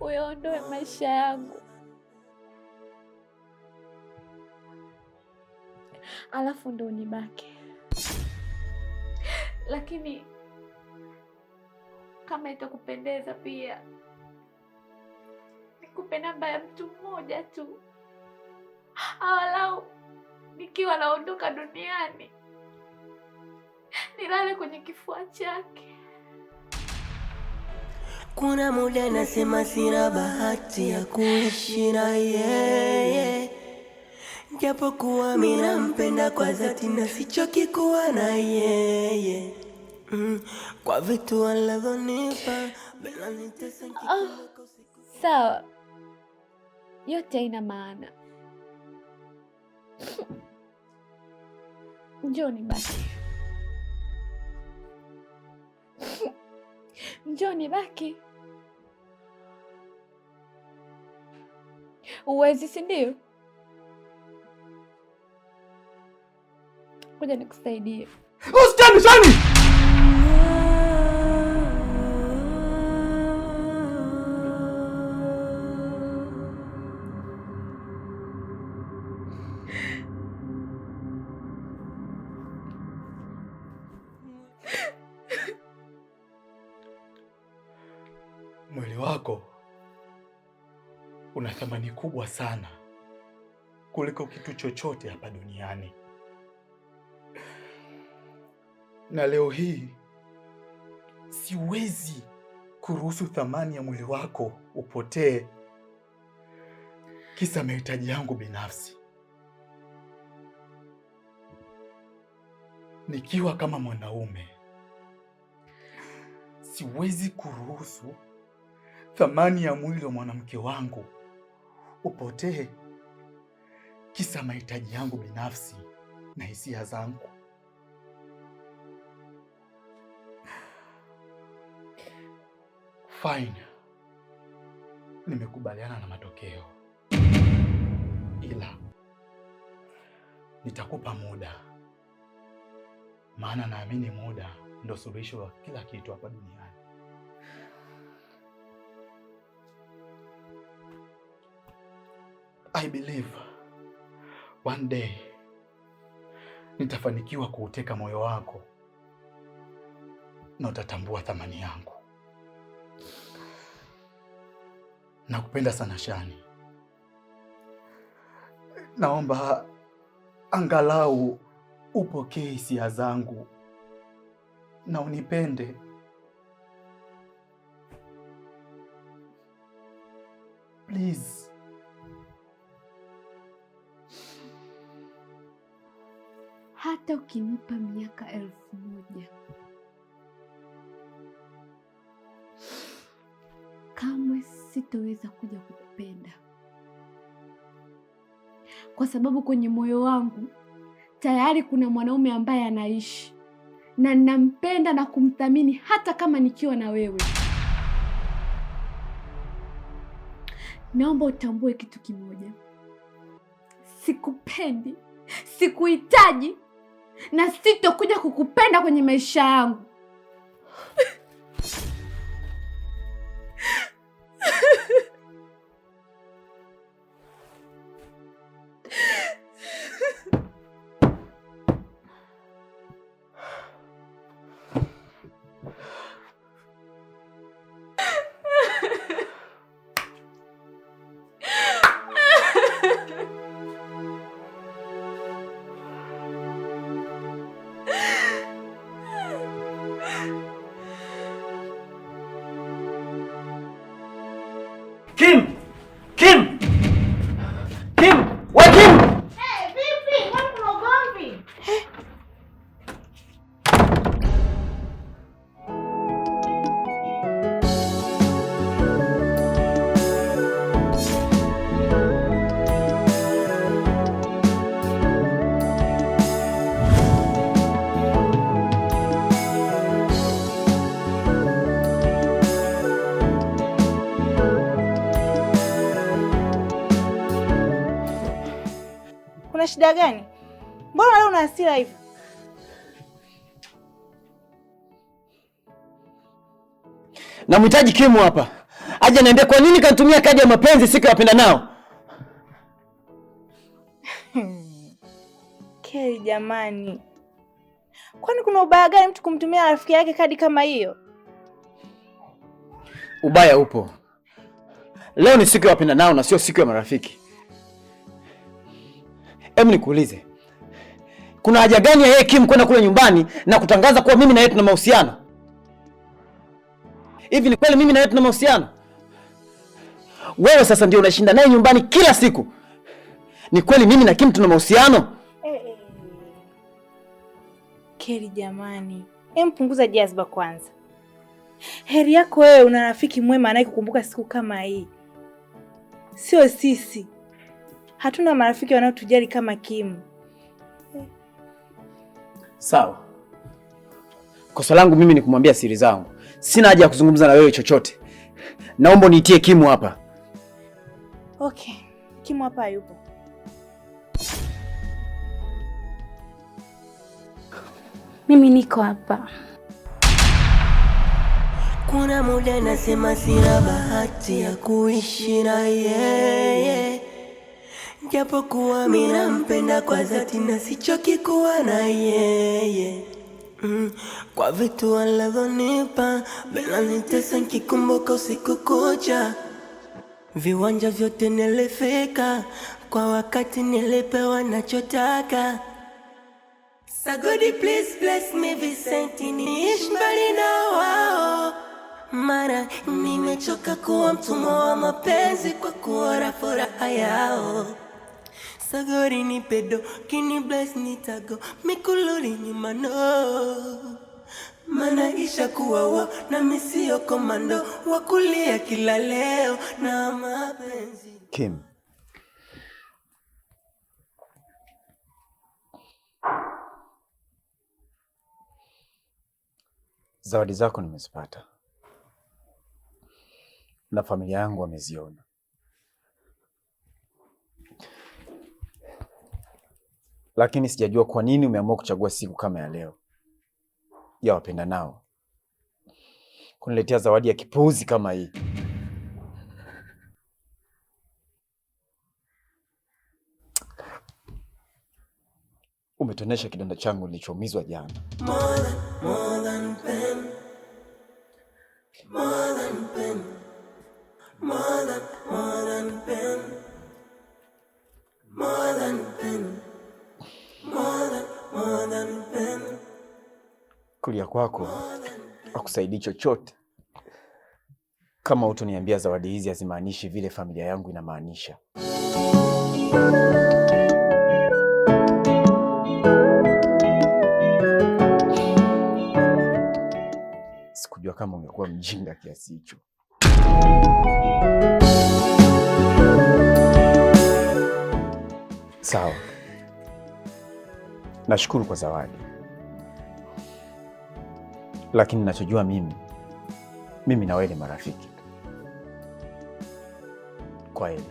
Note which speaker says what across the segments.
Speaker 1: uyaondoe maisha yangu. Alafu ndo unibake. Lakini kama itakupendeza pia nikupe namba ya mtu mmoja tu, awalau nikiwa naondoka duniani nilale kwenye kifua chake.
Speaker 2: Kuna muda nasema sina bahati ya kuishi na yeye, japo kuwa mimi nampenda kwa dhati na sichoki kuwa na yeye mm,
Speaker 1: kwa vitu alivyonipa bila nitesa. Oh, yote haina maana. Njoni basi. Njoni baki. Uwezi, si ndio? Ngoja nikusaidie.
Speaker 3: Usitani oh, sana. Ukweli wako una thamani kubwa sana kuliko kitu chochote hapa duniani, na leo hii siwezi kuruhusu thamani ya mwili wako upotee kisa mahitaji yangu binafsi. Nikiwa kama mwanaume, siwezi kuruhusu thamani ya mwili wa mwanamke wangu upotee kisa mahitaji yangu binafsi na hisia zangu. Fine, nimekubaliana na matokeo, ila nitakupa muda, maana naamini muda ndo suluhisho la kila kitu hapa duniani. I believe one day nitafanikiwa kuuteka moyo wako na utatambua thamani yangu. Nakupenda sana Shani, naomba angalau upokee hisia zangu na unipende. Please.
Speaker 1: hata ukinipa miaka elfu moja kamwe sitoweza kuja kukupenda, kwa sababu kwenye moyo wangu tayari kuna mwanaume ambaye anaishi na ninampenda na kumthamini hata kama nikiwa na wewe. Naomba utambue kitu kimoja, sikupendi, sikuhitaji na sitokuja kukupenda kwenye maisha yangu. Kim? kuna shida gani? Mbona leo una hasira hivi?
Speaker 3: Namhitaji Kimu hapa aje niambie kwa nini kanitumia kadi ya mapenzi siku ya wapenda nao.
Speaker 1: Keri jamani, kwani kuna ubaya gani mtu kumtumia rafiki yake kadi kama hiyo?
Speaker 3: Ubaya upo. Leo ni siku ya wapenda nao na sio siku ya marafiki. Hebu nikuulize, kuna haja gani ya yeye Kim kwenda kule nyumbani na kutangaza kuwa mimi na yeye tuna mahusiano? Hivi ni kweli mimi na yeye tuna mahusiano? Wewe sasa ndio unashinda naye nyumbani kila siku. Ni kweli mimi na Kim tuna mahusiano? Eh, eh.
Speaker 1: Keri jamani, punguza jazba kwanza. Heri yako wewe, una rafiki mwema anayekukumbuka siku kama hii, sio sisi hatuna marafiki wanaotujali kama Kim.
Speaker 3: Sawa, kosa langu mimi ni kumwambia siri zangu, sina haja ya kuzungumza na wewe chochote. Naomba niitie Kimu hapa.
Speaker 1: Okay, Kimu hapa hayupo. Mimi niko hapa.
Speaker 2: Kuna muda nasema sina bahati ya kuishi na yeye japokuwa mimi nampenda kwa dhati na sichokikuwa na yeye mm. Kwa vitu alivyonipa bila nitesa, usiku kucha, viwanja vyote nilifika kwa wakati, nilipewa nachotaka. sagodi please bless me visenti niishi mbali na wao, mara nimechoka kuwa mtumwa wa mapenzi kwa kuora furaha yao. Sagori ni pedo, kini bless ni tago, mikulori ni mano. Manaisha kuwa wa na misio komando, wakulia kila leo na mapenzi.
Speaker 3: Kim. Zawadi zako nimezipata na familia yangu wameziona, lakini sijajua kwa nini umeamua kuchagua siku kama ya leo ya wapenda nao kuniletea zawadi ya kipuuzi kama hii. Umetonesha kidonda changu nilichoumizwa jana. kwako akusaidii chochote kama utoniambia zawadi hizi hazimaanishi vile familia yangu inamaanisha. Sikujua kama ungekuwa mjinga kiasi hicho. Sawa, nashukuru kwa zawadi lakini nachojua mimi, mimi na wewe ni marafiki kwa hiyo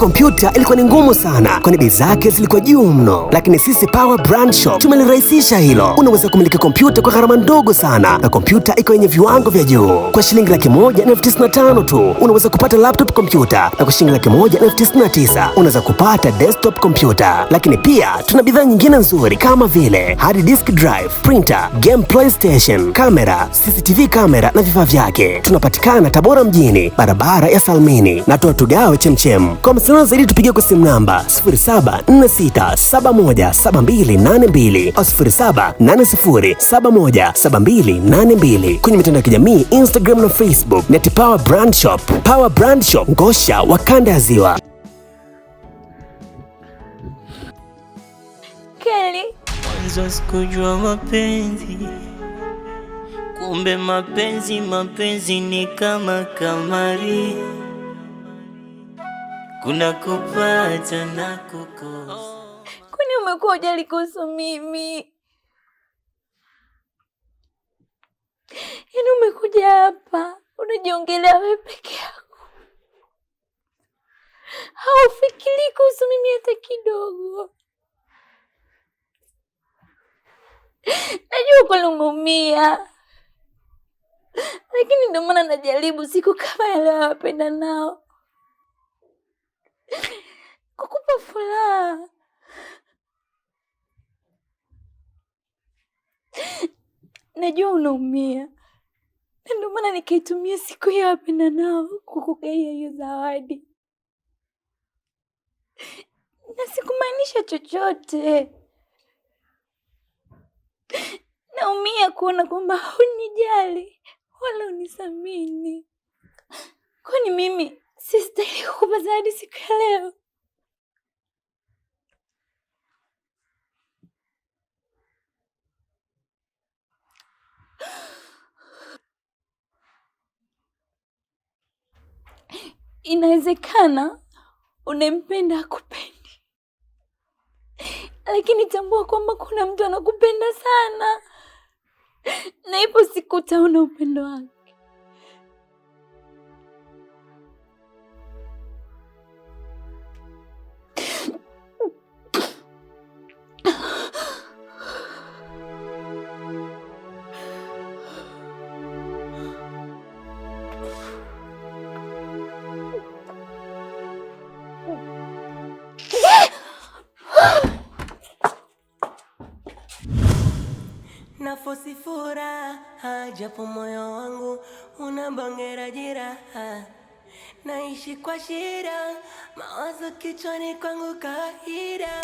Speaker 4: kompyuta ilikuwa ni ngumu sana, kwani bei zake zilikuwa juu mno, lakini sisi Power Brand Shop tumelirahisisha hilo. Unaweza kumiliki kompyuta kwa gharama ndogo sana, na kompyuta iko yenye viwango vya juu. Kwa shilingi laki moja na elfu tisini na tano tu unaweza kupata laptop kompyuta, na kwa shilingi laki moja na elfu tisini na tisa unaweza kupata desktop kompyuta. Lakini pia tuna bidhaa nyingine nzuri kama vile hard disk drive, printer, game playstation, kamera, CCTV kamera na vifaa vyake. Tunapatikana Tabora mjini, barabara ya Salmini. Natoa tugawe chemchem. Mawasiliano zaidi tupigie kwa simu namba 0746717282 au 0780717282 kwenye mitandao ya kijamii Instagram na Facebook net Power Brand Shop. Power Brand Shop, Ngosha wa Kanda ya Ziwa.
Speaker 2: Mwanzo sikujua mapenzi, kumbe mapenzi mapenzi ni kama kamari kuna kupata na kukosa.
Speaker 1: Kwani umekuwa ujali kuhusu mimi? Yaani umekuja hapa unajiongelea wewe peke yako, haufikiri kuhusu mimi hata kidogo. Najua ukalungumia, lakini ndio maana najaribu siku kama yale wapenda nao kukupa furaha. Najua unaumia, na ndio maana nikaitumia siku ya nao kukugaia hiyo zawadi, na sikumaanisha chochote. Naumia kuona kwamba hunijali wala unisamini kwani mimi Sistahili kukupa zaidi siku ya leo. Inawezekana unempenda akupendi, lakini tambua kwamba kuna mtu anakupenda sana, na ipo siku utaona upendo wake.
Speaker 2: japo moyo wangu unabongera jiraha, naishi kwa shida, mawazo kichwani kwangu kaida.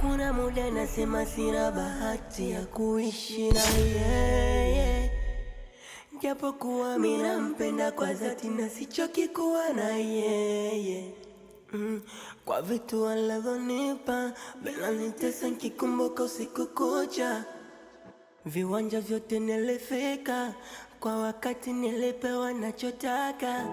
Speaker 2: Kuna muda nasema sina bahati ya kuishi na yeye, japo kuwa mimi nampenda kwa dhati na sichoki kuwa na yeye Mm, kwa vitu alivyonipa bila nitesa, nikikumbuka usiku kucha viwanja vyote nilifika kwa wakati, nilipewa nachotaka.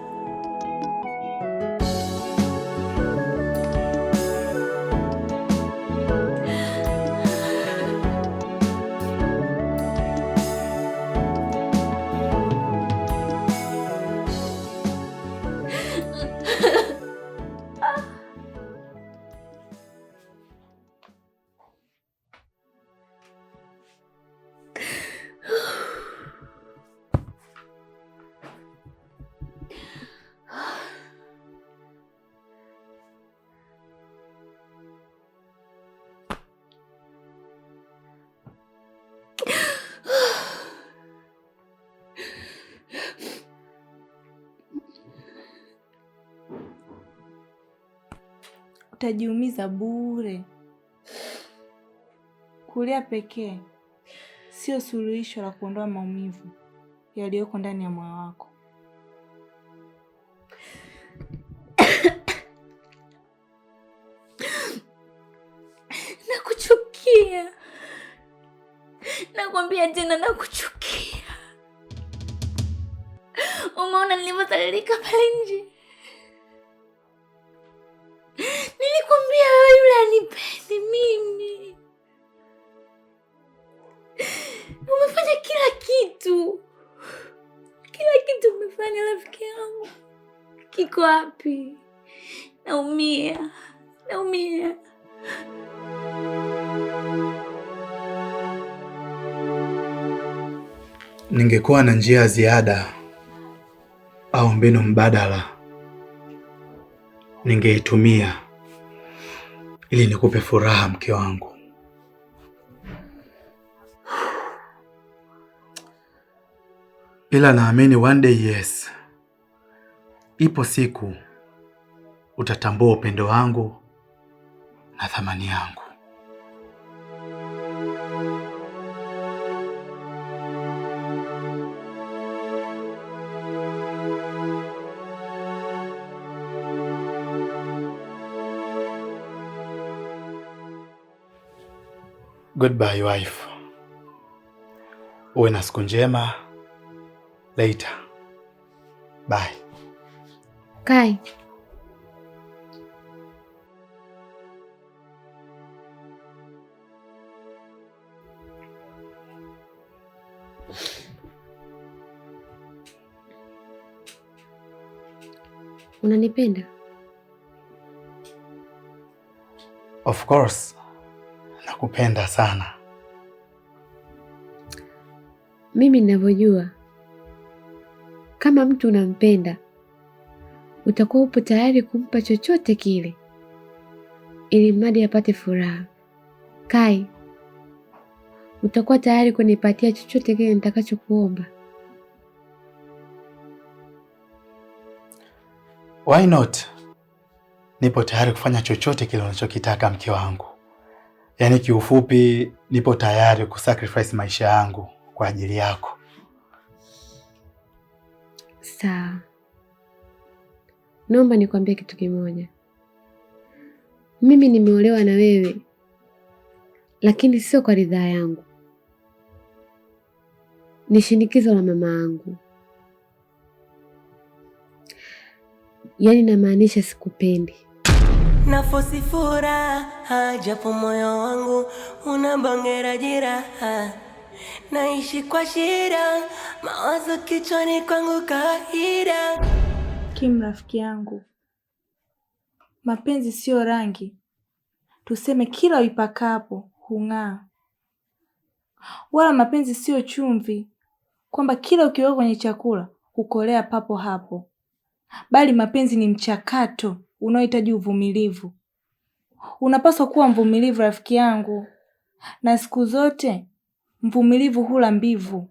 Speaker 1: utajiumiza bure. Kulia pekee sio suluhisho la kuondoa maumivu yaliyoko ndani ya moyo wako. Nakuchukia, nakwambia tena, nakuchukia. Umeona nilivyozalilika pale nje. Niko wapi? Naumia, naumia.
Speaker 3: Ningekuwa na njia ya ziada au mbinu mbadala, ningeitumia ili nikupe furaha, mke wangu. Ila naamini one day yes Ipo siku utatambua upendo wangu na thamani yangu. Goodbye wife, uwe na siku njema. Later, bye.
Speaker 1: Kai. Unanipenda?
Speaker 3: Of course. Nakupenda sana.
Speaker 1: Mimi ninavyojua kama mtu unampenda utakuwa upo tayari kumpa chochote kile ili mradi apate furaha. Kai, utakuwa tayari kunipatia chochote kile nitakachokuomba?
Speaker 3: Why not? Nipo tayari kufanya chochote kile unachokitaka mke wangu. Yaani kiufupi, nipo tayari kusacrifice maisha yangu kwa ajili yako.
Speaker 1: Sawa naomba nikwambie kitu kimoja. Mimi nimeolewa na wewe, lakini sio kwa ridhaa yangu, ni shinikizo la mama yangu. Yaani namaanisha sikupendi.
Speaker 2: Nafosi furaha, japo moyo wangu unabongera jiraha naishi kwa shida, mawazo kichwani kwangu kawaida
Speaker 1: Kim rafiki yangu, mapenzi siyo rangi, tuseme kila uipakapo hung'aa, wala mapenzi siyo chumvi, kwamba kila ukiweka kwenye chakula hukolea papo hapo, bali mapenzi ni mchakato unaohitaji uvumilivu. Unapaswa kuwa mvumilivu rafiki yangu, na siku zote mvumilivu hula mbivu.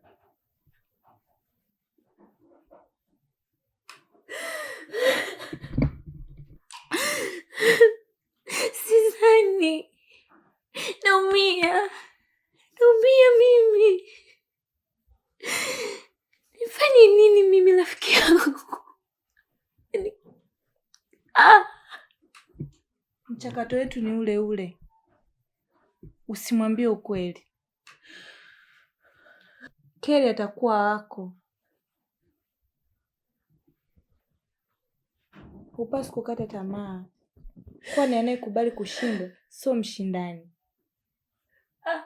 Speaker 1: mchakato wetu ni ule ule. Usimwambie ukweli, Keri atakuwa wako. Hupasi kukata tamaa, kwani anayekubali kushindwa sio mshindani. Ah.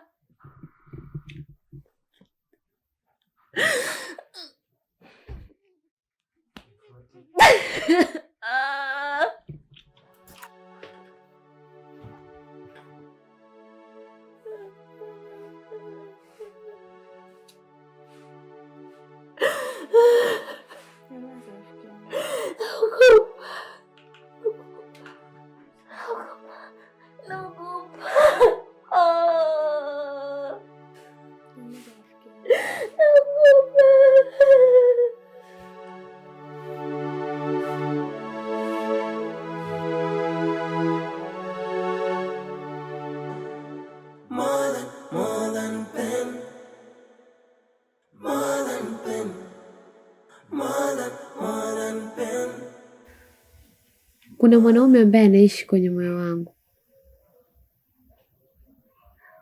Speaker 1: Kuna mwanaume ambaye anaishi kwenye moyo wangu,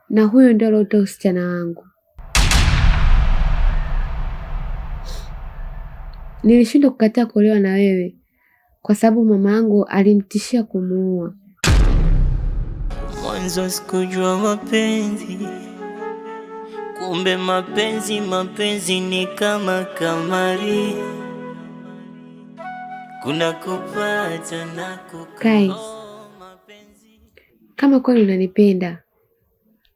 Speaker 1: na huyo ndio aliotoa usichana wangu. Nilishindwa kukataa kuolewa na wewe kwa sababu mama yangu alimtishia kumuua.
Speaker 2: Mwanzo sikujua mapenzi, kumbe mapenzi mapenzi ni kama kamari.
Speaker 1: Guys, kama kweli unanipenda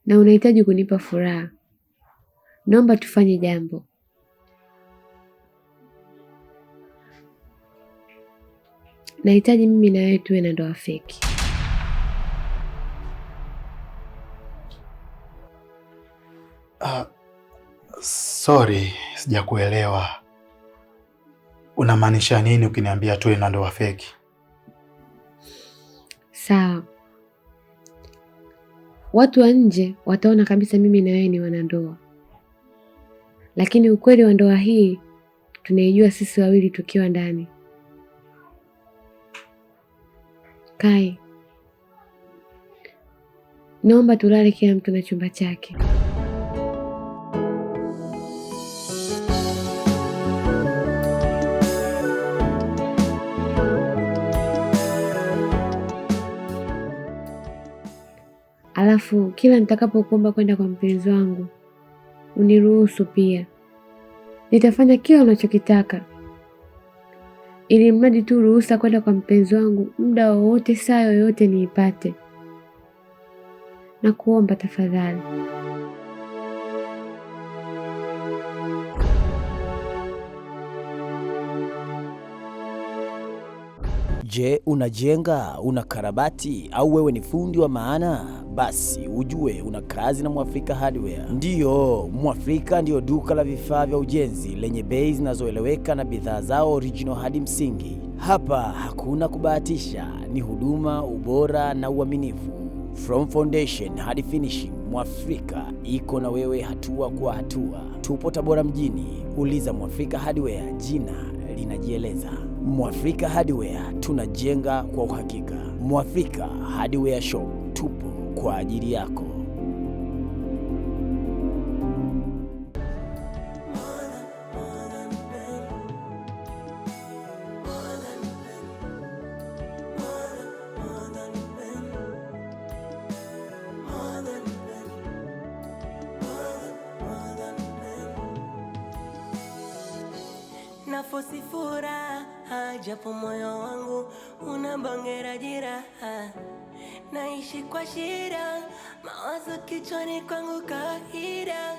Speaker 1: na unahitaji kunipa furaha, naomba tufanye jambo. Nahitaji mimi na wewe tuwe na ndoa feki.
Speaker 3: Uh, sorry, sijakuelewa unamaanisha nini ukiniambia tuwe na ndoa feki?
Speaker 1: Sawa, watu wa nje wataona kabisa mimi na wewe ni wanandoa, lakini ukweli wa ndoa hii tunaijua sisi wawili tukiwa ndani. Kai, naomba tulale, kila mtu na chumba chake. Alafu kila nitakapokuomba kwenda kwa mpenzi wangu uniruhusu pia. Nitafanya kila unachokitaka ili mradi tu ruhusa kwenda kwa mpenzi wangu muda wowote, saa yoyote niipate. Nakuomba tafadhali.
Speaker 5: Je, unajenga, unakarabati au wewe ni fundi wa maana? basi ujue una kazi na Mwafrika Hardware. Ndiyo, Mwafrika ndiyo duka la vifaa vya ujenzi lenye bei zinazoeleweka na, na bidhaa zao original hadi msingi. Hapa hakuna kubahatisha, ni huduma, ubora na uaminifu. From foundation hadi finishing, Mwafrika iko na wewe hatua kwa hatua. Tupo Tabora mjini, uliza Mwafrika Hardware, jina linajieleza. Mwafrika Hardware, tunajenga kwa uhakika. Mwafrika Hardware Shop tupo kwa ajili yako.
Speaker 2: Nafosi furaha japo moyo wangu unabongera jiraha naishi kwa shida, mawazo kichwani kwangu kahira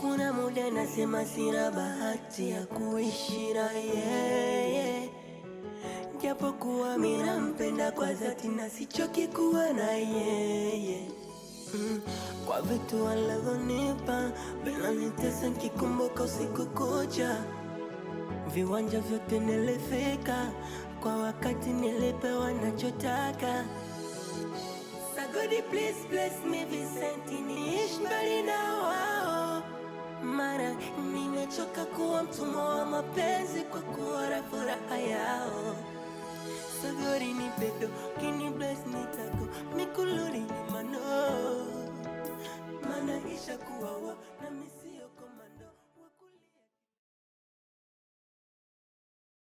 Speaker 2: Kuna muda nasema sina bahati ya kuishi na yeye, japo kuwa mimi nampenda kwa dhati na sichoki kuwa na yeye mm, Kwa vitu alivyonipa vinanitesa, nikikumbuka usiku kucha, viwanja vyote nilifika kwa wakati, nilipewa nachotaka. Lord, please bless me Vincent, niishi mbali na wao, mara nimechoka kuwa mtumwa wa mapenzi kwa kuora furaha yao. Sagori ni pedo kini bless ni tako mikuluri ni mano mana isha kuwa